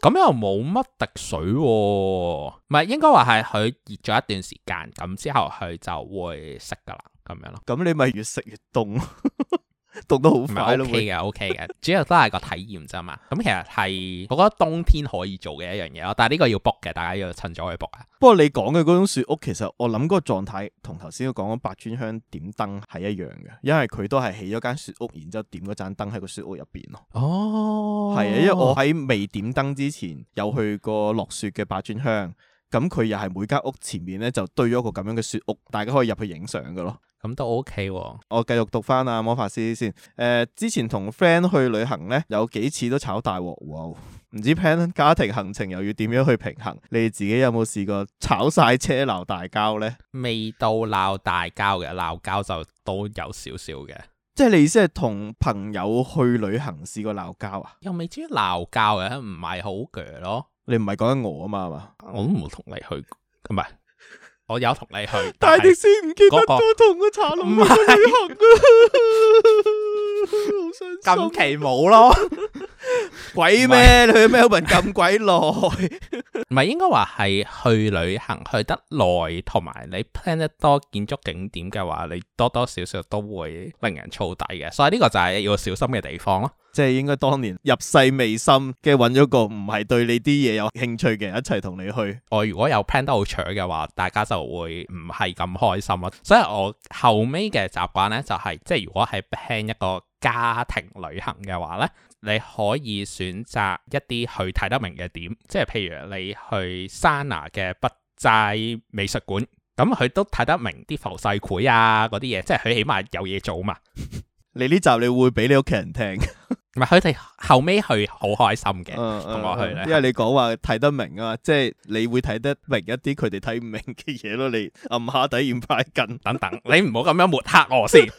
咁 又冇乜滴水、啊，唔係應該話係佢熱咗一段時間，咁之後佢就會熄噶啦，咁樣咯。咁、嗯、你咪越食越凍。 讀得好快，O K 嘅，O K 嘅，主要都係個體驗啫嘛。咁 其實係，我覺得冬天可以做嘅一樣嘢咯。但係呢個要 book 嘅，大家要趁早去 book。不過你講嘅嗰種雪屋，其實我諗嗰個狀態同頭先講嘅白川鄉點燈係一樣嘅，因為佢都係起咗間雪屋，然之後點咗盞燈喺個雪屋入邊咯。哦，係啊，因為我喺未點燈之前，有去過落雪嘅白川鄉。咁佢又係每間屋前面咧就堆咗個咁樣嘅雪屋，大家可以入去影相嘅咯。咁都 OK，我繼續讀翻阿魔法師先。誒、呃，之前同 friend 去旅行咧，有幾次都炒大鑊，唔知 plan 家庭行程又要點樣去平衡？你自己有冇試過炒晒車鬧大交咧？未到鬧大交嘅，鬧交就都有少少嘅。即係你意思係同朋友去旅行試過鬧交啊？又未至於鬧交嘅，唔係好咯。你唔係講緊我啊嘛，係嘛， 我都冇同你去，咁咪，我有同你去，但 大迪先唔記得、嗰個、我同個茶龍去旅行啊，好想鬆，咁期冇咯。 鬼咩？是你去 Melbourne 咁鬼耐，唔係 應該話係去旅行去得耐，同埋你 plan 得多建築景點嘅話，你多多少少都會令人燥底嘅。所以呢個就係要小心嘅地方咯。即係應該當年入世未深嘅，揾咗個唔係對你啲嘢有興趣嘅人一齊同你去。我如果有 plan 得好長嘅話，大家就會唔係咁開心啊。所以我後尾嘅習慣呢，就係、是、即係如果係 plan 一個家庭旅行嘅話呢。你可以選擇一啲去睇得明嘅點，即係譬如你去沙拿嘅北齋美術館，咁佢都睇得明啲浮世繪啊嗰啲嘢，即係佢起碼有嘢做嘛。你呢集你會俾你屋企人聽，唔係佢哋後尾去好開心嘅，同、uh, uh, uh, 我去咧，因為你講話睇得明啊嘛，即、就、係、是、你會睇得明一啲佢哋睇唔明嘅嘢咯。你暗下底染快巾等等，你唔好咁樣抹黑我先。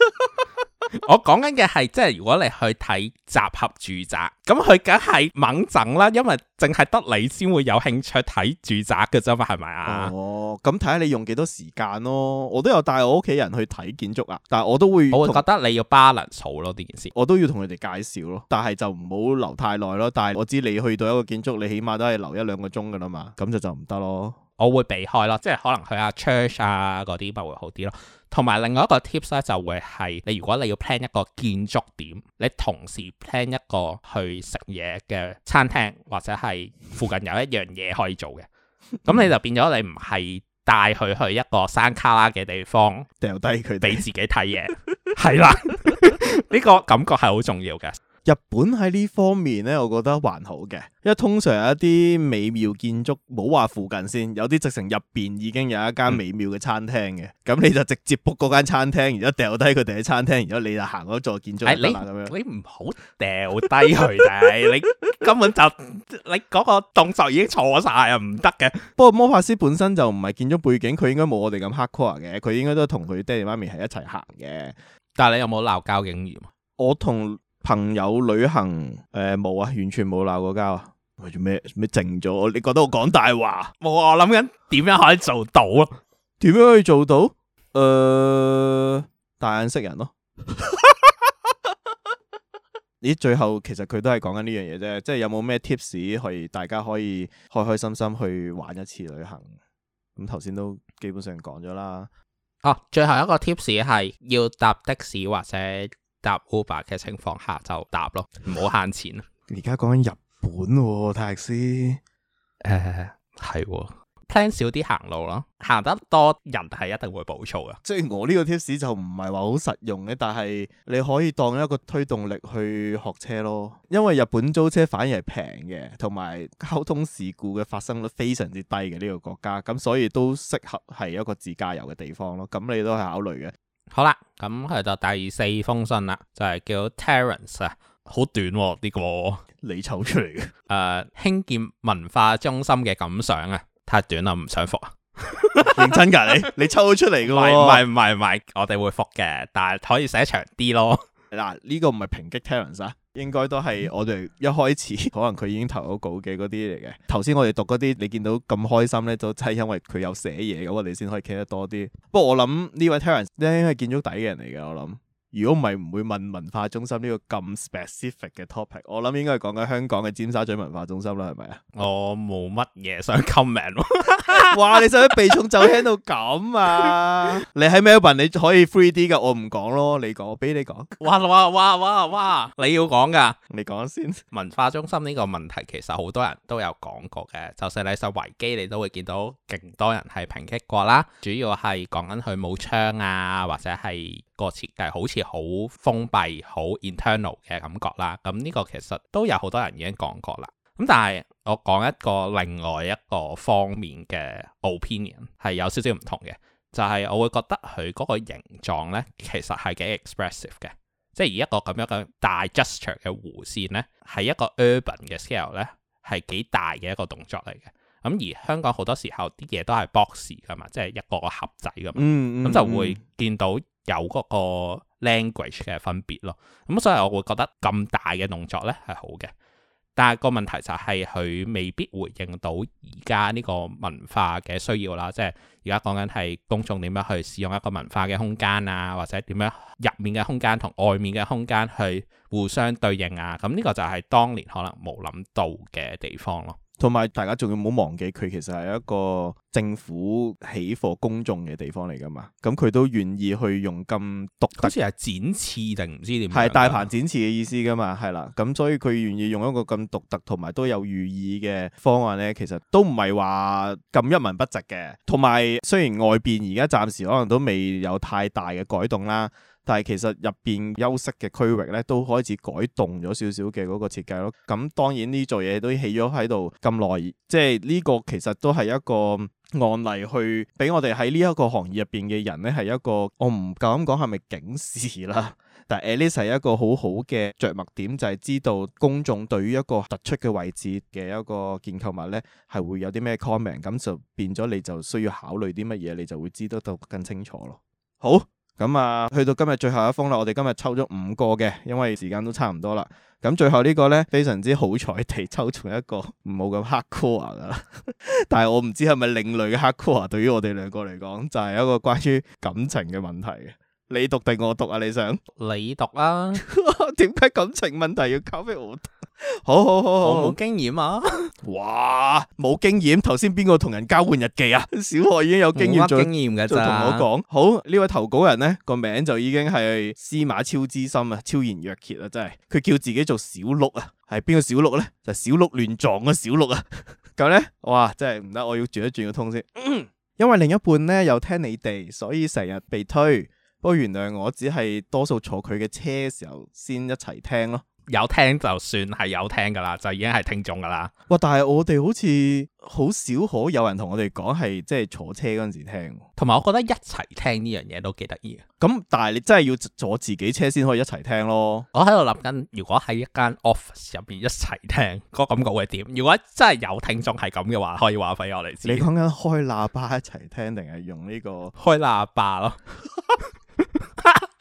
我講緊嘅係，即係如果你去睇集合住宅，咁佢梗係猛整啦，因為淨係得你先會有興趣睇住宅嘅啫嘛，係咪啊？哦，咁睇下你用幾多時間咯。我都有帶我屋企人去睇建築啊，但係我都會，我會覺得你要 balance 咯呢件事，我都要同佢哋介紹咯，但係就唔好留太耐咯。但係我知你去到一個建築，你起碼都係留一兩個鐘噶啦嘛，咁就就唔得咯。咯我會避開咯，即係可能去下 church 啊嗰啲，咪會好啲咯。同埋另外一個 tips 咧，就會係你如果你要 plan 一個建築點，你同時 plan 一個去食嘢嘅餐廳，或者係附近有一樣嘢可以做嘅，咁你就變咗你唔係帶佢去一個山卡拉嘅地方，掉低佢俾自己睇嘢，係 是啦，呢 個感覺係好重要嘅。日本喺呢方面咧，我覺得還好嘅，因為通常有一啲美妙建築，冇話附近先，有啲直程入邊已經有一間美妙嘅餐廳嘅，咁、嗯、你就直接 book 嗰間餐廳，然之後掉低佢哋喺餐廳，然之後你就，就行嗰座建築咁樣。你唔好掉低佢哋， 你根本就你嗰個動作已經錯晒，唔得嘅。不， 不過魔法師本身就唔係建築背景，佢應該冇我哋咁黑 core 嘅，佢應該都同佢爹哋媽咪係一齊行嘅。但係你有冇鬧交經驗？ 我同。朋友旅行誒冇啊，完全冇鬧過交啊！喂，做咩咩靜咗？你覺得我講大話？冇啊！我諗緊點樣可以做到？啊？點樣可以做到？誒、呃，大眼識人咯！你 最後其實佢都係講緊呢樣嘢啫，即係有冇咩 tips 去大家可以開開心心去玩一次旅行？咁頭先都基本上講咗啦。哦、啊，最後一個 tips 係要搭的士或者。搭 Uber 嘅情況下就搭咯，唔好慳錢。而家講緊日本、哦，泰師，誒係 plan 少啲行路咯，行得多人係一定會暴躁呀。即係我呢個 tips 就唔係話好實用嘅，但係你可以當一個推動力去學車咯。因為日本租車反而係平嘅，同埋交通事故嘅發生率非常之低嘅呢，這個國家，咁所以都適合係一個自駕遊嘅地方咯。咁你都係考慮嘅。好啦，咁佢就第四封信啦，就係、是、叫 Terence 啊、哦，好短呢個，你抽出嚟嘅，誒，興建文化中心嘅感想啊，太短啦，唔想複啊， 認真噶你，你抽出嚟嘅，唔係唔係唔係，我哋會複嘅，但係可以寫長啲咯，嗱呢個唔係抨擊 Terence 啊。應該都係我哋一開始 可能佢已經投咗稿嘅嗰啲嚟嘅。頭先我哋讀嗰啲，你見到咁開心咧，都即係因為佢有寫嘢咁，我哋先可以企得多啲。不過我諗呢位 Terence 咧，應該係建築底嘅人嚟嘅，我諗。如果唔係唔會問文化中心呢個咁 specific 嘅 topic，我諗應該係講緊香港嘅尖沙咀文化中心啦，係咪啊？ 我冇乜嘢想 comment。哇！你使乜避重就輕到咁啊？ 你喺 Melbourne 你可以 free 啲噶，我唔講咯，你講，俾你講。哇哇哇哇哇！你要講噶，你講先。文化中心呢個問題其實好多人都有講過嘅，就算你上維基你都會見到，勁多人係抨擊過啦，主要係講緊佢冇窗啊，或者係。個設計好似好封閉、好 internal 嘅感覺啦。咁呢個其實都有好多人已經講過啦。咁但係我講一個另外一個方面嘅 opinion 係有少少唔同嘅，就係、是、我會覺得佢嗰個形狀呢，其實係幾 expressive 嘅，即係以一個咁樣嘅大 gesture 嘅弧線呢，係一個 urban 嘅 scale 呢，係幾大嘅一個動作嚟嘅。咁而香港好多時候啲嘢都係 box 㗎嘛，即係一個個盒仔噶嘛，咁、嗯嗯、就會見到。有嗰個 language 嘅分別咯，咁所以我會覺得咁大嘅動作呢係好嘅，但係個問題就係佢未必回應到而家呢個文化嘅需要啦，即係而家講緊係公眾點樣去使用一個文化嘅空間啊，或者點樣入面嘅空間同外面嘅空間去互相對應啊，咁呢個就係當年可能冇諗到嘅地方咯。同埋大家仲要唔好忘記，佢其實係一個政府起貨公眾嘅地方嚟噶嘛，咁佢都願意去用咁獨特，好似係展翅定唔知點，係大鵬展翅嘅意思噶嘛，係啦，咁所以佢願意用一個咁獨特同埋都有寓意嘅方案咧，其實都唔係話咁一文不值嘅。同埋雖然外邊而家暫時可能都未有太大嘅改動啦。但係其實入邊休息嘅區域咧都開始改動咗少少嘅嗰個設計咯。咁當然呢做嘢都起咗喺度咁耐，即係呢個其實都係一個案例去，去俾我哋喺呢一個行業入邊嘅人咧係一個我唔敢講係咪警示啦。但係 at least 係一個好好嘅着墨點，就係、是、知道公眾對於一個突出嘅位置嘅一個建築物咧係會有啲咩 comment，咁就變咗你就需要考慮啲乜嘢，你就會知得到更清楚咯。好。咁啊，去到今日最後一封啦，我哋今日抽咗五個嘅，因為時間都差唔多啦。咁最後個呢個咧，非常之好彩地抽中一個唔好咁 hardcore 噶啦， 但係我唔知係咪另類嘅 hardcore，對於我哋兩個嚟講，就係、是、一個關於感情嘅問題嘅。你讀定我讀啊？你想？你讀啊？點解 感情問題要交俾我好好好好，冇經驗啊！哇，冇經驗，頭先邊個同人交換日記啊？小學已經有經驗，冇乜經驗噶再同我講，好，呢位投稿人呢個名就已經係司馬超之心啊，超然若揭啊，真係佢叫自己做小鹿啊，係邊個小鹿呢？就係小鹿亂撞嘅小鹿啊！咁 呢，哇，真係唔得，我要轉一轉個通先， 因為另一半呢又聽你哋，所以成日被推。不過原諒我，只係多數坐佢嘅車嘅時候先一齊聽咯。有聽就算係有聽噶啦，就已經係聽眾噶啦。哇！但係我哋好似好少可有人同我哋講係即係坐車嗰陣時聽，同埋我覺得一齊聽呢樣嘢都幾得意啊。咁但係你真係要坐自己車先可以一齊聽咯。我喺度諗緊，如果喺一間 office 入邊一齊聽，個感覺會點？如果真係有聽眾係咁嘅話，可以話俾我哋知。你講緊開喇叭一齊聽，定係用呢、這個開喇叭咯？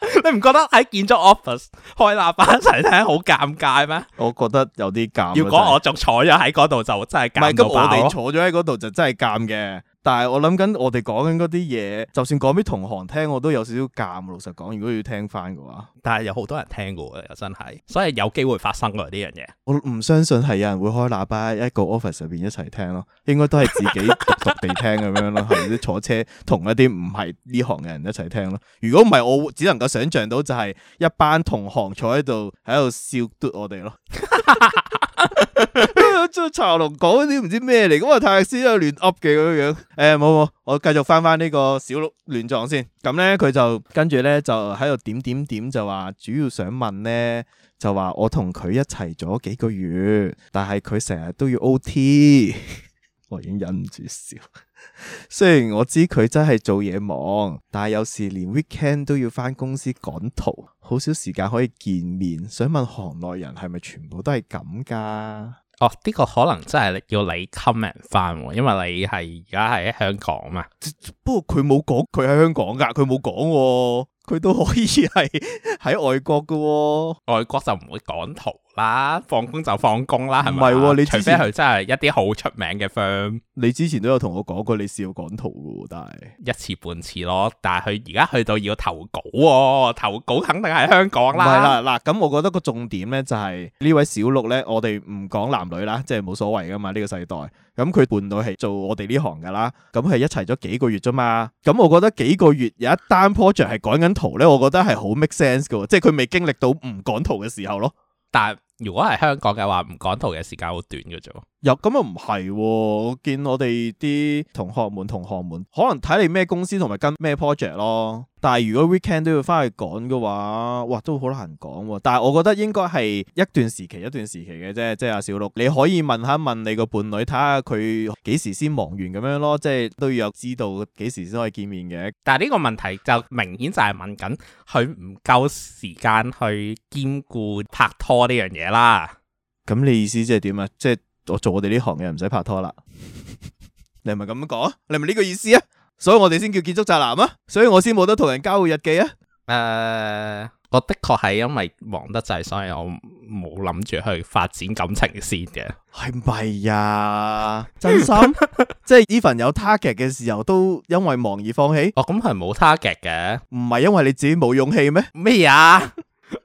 你唔覺得喺建築 office 開喇叭一齊聽好尷尬咩？ 我覺得有啲尷尬。如果我仲坐咗喺嗰度就真係尷尬，咁我哋坐咗喺嗰度就真係尷嘅。但係我諗緊，我哋講緊嗰啲嘢，就算講俾同行聽，我都有少少尷。老實講，如果要聽翻嘅話，但係有好多人聽過嘅，又真係，所以有機會發生過呢樣嘢。我唔相信係有人會開喇叭一個 office 上邊一齊聽咯，應該都係自己獨獨地聽咁樣咯。或者 坐車同一啲唔係呢行嘅人一齊聽咯。如果唔係，我只能夠想象到就係一班同行坐喺度喺度笑嘟我哋咯。 喺 茶樓講啲唔知咩嚟，咁啊泰師有亂噏嘅咁樣樣。誒、欸，冇冇，我繼續翻翻呢個小鹿亂撞先。咁咧佢就跟住咧就喺度點點點就話，主要想問咧就話我同佢一齊咗幾個月，但係佢成日都要 O T， 我已經忍唔住笑。雖然我知佢真係做嘢忙，但係有時連 weekend 都要翻公司趕圖，好少時間可以見面。想問行內人係咪全部都係咁噶？哦，呢個可能真係要你 comment 翻，因為你係而家係喺香港嘛。不過佢冇講，佢喺香港噶，佢冇講，佢都可以係喺外國噶、哦。外國就唔會趕圖。嗱，放工就放工啦，係咪？你除非佢真係一啲好出名嘅 firm。你之前都有同我講過，你試過趕圖噶，但係一次半次咯。但係佢而家去到要投稿、哦，投稿肯定係香港啦。係啦，嗱，咁我覺得個重點咧就係、是、呢 位小六咧，我哋唔講男女啦，即係冇所謂噶嘛。呢、這個世代，咁佢伴侶係做我哋呢行噶啦，咁係一齊咗幾個月啫嘛。咁我覺得幾個月有一單 project 係趕緊圖咧，我覺得係好 make sense 噶，即係佢未經歷到唔趕圖嘅時候咯。但係如果係香港嘅話，唔趕圖嘅時間好短嘅啫。有咁又唔係喎，我、哦、見我哋啲同學們同學們，可能睇你咩公司同埋跟咩 project 咯。但係如果 weekend 都要翻去趕嘅話，哇，都好難講喎。但係我覺得應該係一段時期一段時期嘅啫。即係阿小六，你可以問下問你個伴侶，睇下佢幾時先忙完咁樣咯。即係都要有知道幾時先可以見面嘅。但係呢個問題就明顯就係問緊佢唔夠時間去兼顧拍拖呢樣嘢啦。咁你意思即係點啊？即係。我做我哋呢行嘅唔使拍拖啦， 你係咪咁樣講？你係咪呢個意思啊？所以我哋先叫建築宅男啊，所以我先冇得同人交換日記啊。誒、呃，我的確係因為忙得滯，所以我冇諗住去發展感情先嘅。係咪啊？真心， 即係 even 有 target 嘅時候都因為忙而放棄？哦，咁係冇 target 嘅，唔係因為你自己冇勇氣咩？咩咩啊。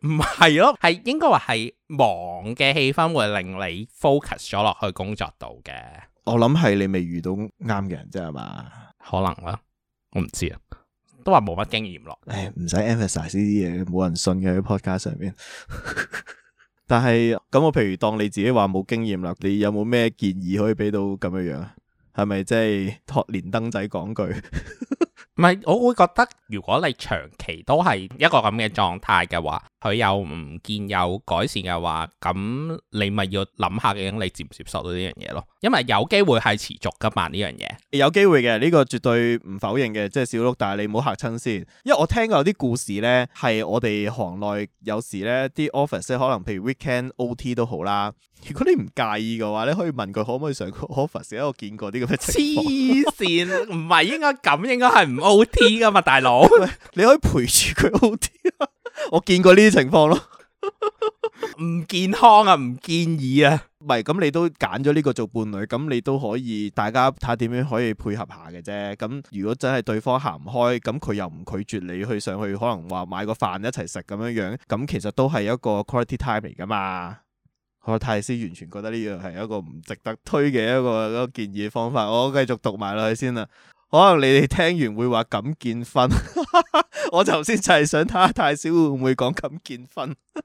唔係咯，係應該話係忙嘅氣氛會令你 focus 咗落去工作度嘅。我諗係你未遇到啱嘅人啫嘛。可能啦，我唔知啊，都話冇乜經驗咯。誒，唔使 emphasize 呢啲嘢，冇人信嘅喺 podcast 上面。 但係咁，我譬如當你自己話冇經驗啦，你有冇咩建議可以俾到咁樣樣啊？係咪即係托連登仔講句？唔 係，我會覺得如果你長期都係一個咁嘅狀態嘅話。佢又唔見有改善嘅話，咁你咪要諗下，究竟你接唔接受到呢樣嘢咯？因為有機會係持續噶嘛，呢樣嘢有機會嘅，呢個絕對唔否認嘅，即係小鹿，但係你唔好嚇親先，因為我聽過有啲故事呢，係我哋行內有時呢啲 office 可能譬如 weekend O T 都好啦。如果你唔介意嘅話，你可以問佢可唔可以上個 office。因為我見過啲咁嘅黐線，唔係應該咁， 應該係唔 O T 噶嘛，大佬， 你可以陪住佢 O T 我見過呢啲情況咯，唔健康啊，唔建議啊。唔係咁，你都揀咗呢個做伴侶，咁你都可以大家睇下點樣可以配合下嘅啫。咁如果真係對方行唔開，咁佢又唔拒絕你去上去，可能話買個飯一齊食咁樣樣，咁其實都係一個 quality time 嚟噶嘛。我泰師完全覺得呢樣係一個唔值得推嘅一個建議方法。我繼續讀埋落去先啦。可能你哋聽完會話感建分， 我頭先就係想睇下太少會唔會講感建分，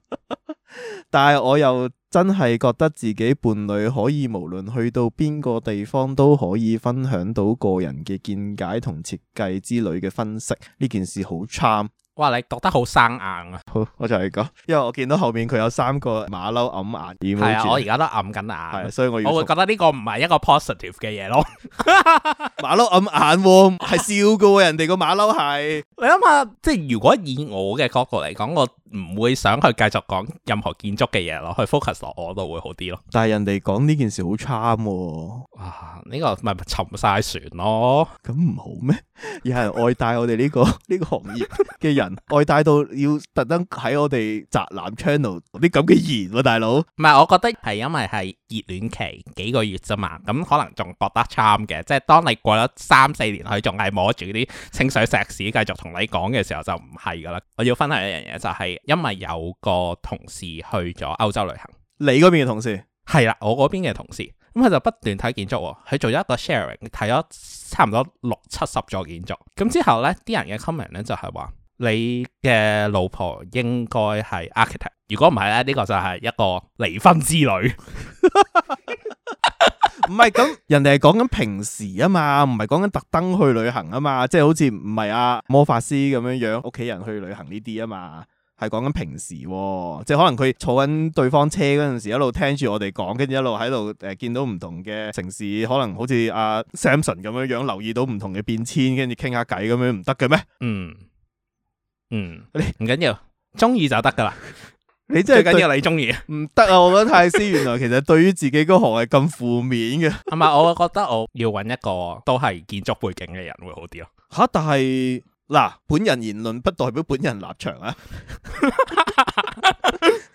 但係我又真係覺得自己伴侶可以無論去到邊個地方都可以分享到個人嘅見解同設計之類嘅分析，呢件事好慘。哇你讀得好生硬啊！好，我就係講，因為我見到後面佢有三個馬騮揞眼，係啊，我而家都揞緊眼、啊，所以我要我會覺得呢個唔係一個 positive 嘅嘢咯。馬騮揞眼係、啊、笑嘅、啊，人哋個馬騮係你諗下，即係如果以我嘅角度嚟講個。我唔會想去繼續講任何建築嘅嘢咯，去 focus 我，我都會好啲咯。但係人哋講呢件事好慘喎，啊呢、這個咪係沉晒船咯，咁唔好咩？而係外帶我哋呢、這個呢 個行業嘅人外帶到要特登喺我哋宅男 channel 講啲咁嘅言、啊、喎，大佬。唔係，我覺得係因為係。熱戀期幾個月啫嘛，咁、嗯、可能仲覺得 charm 嘅，即係當你過咗三四年，佢仲係摸住啲清水石屎，繼續同你講嘅時候就唔係噶啦。我要分享一樣嘢，就是，就係因為有個同事去咗歐洲旅行，你嗰邊嘅同事，係啦，我嗰邊嘅同事，咁佢、嗯、就不斷睇建築，佢做咗一個 sharing，睇咗差唔多六七十座建築，咁、嗯、之後呢啲人嘅 comment 呢，就是，就係話。你嘅老婆應該係 architect，如果唔係咧，呢個就係一個離婚之旅。唔係咁，人哋係講緊平時啊嘛，唔係講緊特登去旅行啊嘛，即係好似唔係阿魔法師咁樣樣，屋企人去旅行呢啲啊嘛，係講緊平時，即係可能佢坐緊對方車嗰陣時，一路聽住我哋講，跟住一路喺度誒，見到唔同嘅城市，可能好似阿 Samson 咁樣樣，留意到唔同嘅變遷，跟住傾下偈咁樣，唔得嘅咩？嗯。 嗯，唔緊要，中意就得噶啦。 你真係的緊要你中意，唔得啊！我覺得泰生原來 其實對於自己嗰行係咁負面嘅。係咪？我覺得我要揾一個都係建築背景嘅人會好啲咯。 吓，但係嗱，本人言論不代表本人立場啊。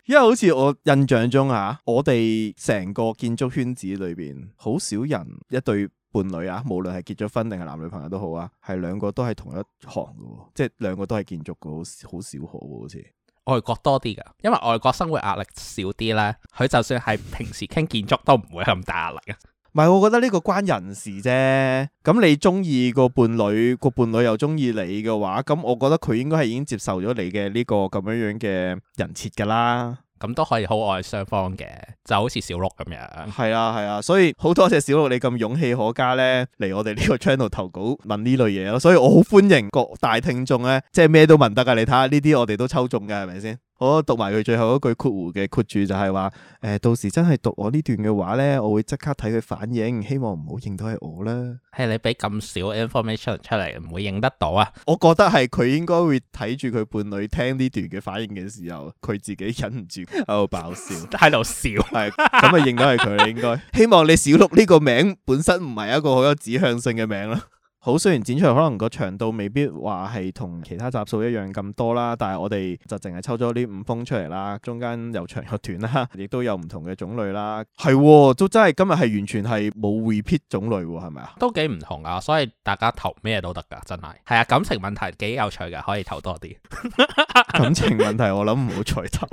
因為好似我印象中啊，我哋成個建築圈子裏邊，好少人一對，伴侶啊，無論係結咗婚定係男女朋友都好啊，係兩個都係同一行嘅，即係兩個都係建築嘅，好少，好好似外國多啲噶因為外國生活壓力少啲呢，佢就算係平時傾建築都唔會咁大壓力嘅。唔係，我覺得呢個關人事啫。咁你中意個伴侶，個伴侶又中意你嘅話，咁我覺得佢應該係已經接受咗你嘅呢個咁樣樣嘅人設噶啦。咁都可以好愛雙方嘅，就好似小鹿咁樣。係啊係啊，所以好多謝小鹿你咁勇氣可嘉咧，嚟我哋呢個 channel 投稿問呢類嘢咯，所以我好歡迎各大聽眾咧，即係咩都問得噶，你睇下呢啲我哋都抽中噶，係咪先？我讀埋佢最後一句括弧，嘅括住就係話，誒、呃，到時真係讀我呢段嘅話咧，我會即刻睇佢反應，希望唔好認到係我啦。係、hey, 你俾咁少 information 出嚟，唔會認得到啊？我覺得係佢應該會睇住佢伴侶聽呢段嘅反應嘅時候，佢自己忍唔住喺度爆笑，喺度, 里笑，咁 咪 認到係佢應該。 希望你小鹿呢個名本身唔係一個好有指向性嘅名啦。好，雖然剪出嚟可能個長度未必話係同其他集數一樣咁多啦，但係我哋就淨係抽咗啲五封出嚟啦，中間有長有短啦，亦都有唔同嘅種類啦。係、嗯哦，都真係今日係完全係冇 repeat 種類，係咪啊？都幾唔同噶，所以大家投咩都得噶，真係。係啊，感情問題幾有趣噶，可以投多啲。 感情問題我諗唔好再投，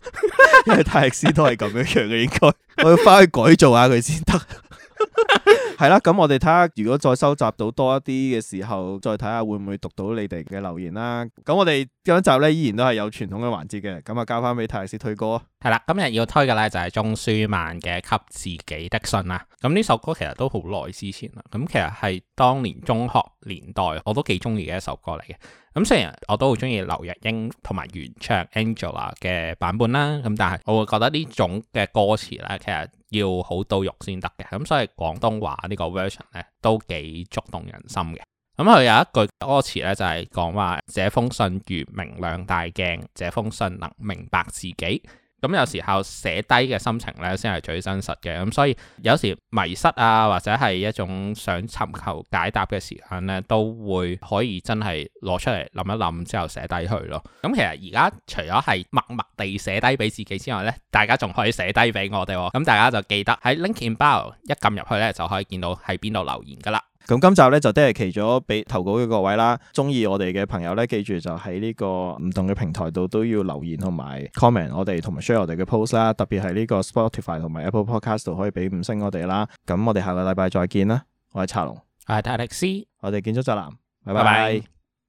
因為泰歷斯都係咁樣樣嘅，應該我要翻去改造下佢先得。係啦，咁我哋睇下，如果再收集到多一啲嘅時候，再睇下會唔會讀到你哋嘅留言啦。咁我哋今集咧依然都係有傳統嘅環節嘅，咁啊交翻俾泰生推歌啊。係啦，今日要推嘅咧就係鍾舒漫嘅《給自己的信》啊。咁呢首歌其實都好耐之前啦，咁其實係當年中學年代我都幾中意嘅一首歌嚟嘅。咁雖然我都好中意劉若英同埋原唱 Angela 嘅版本啦，咁但係我會覺得種呢種嘅歌詞咧，其實。要好到肉先得嘅，咁所以廣東話呢個 version 咧都幾觸動人心嘅。咁佢有一句歌詞咧，就係講話，這封信如明亮大鏡，這封信能明白自己。咁有時候寫低嘅心情呢，先係最真實嘅。咁所以有時迷失啊，或者係一種想尋求解答嘅時間呢，都會可以真係攞出嚟諗一諗之後寫低佢咯。咁其實而家除咗係默默地寫低俾自己之外呢，大家仲可以寫低俾我哋喎。咁大家就記得喺 Link in Bio 一撳入去呢，就可以見到喺邊度留言噶啦。咁今集咧就都係期咗俾投稿嘅各位啦，鍾意我哋嘅朋友咧，記住就喺呢個唔同嘅平台度都要留言同埋 comment，我哋同埋 share 我哋嘅 post 啦，特別係呢個 Spotify 同埋 Apple Podcast 度可以俾五星我哋啦。咁我哋下個禮拜再見啦，我係查龍，我係泰迪斯，我哋見咗宅男，拜拜。Bye bye.